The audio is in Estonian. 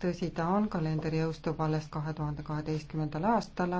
tõsi ta on, kalender jõustub alles kahe tuhande kaheteistkümnendal aastal, aga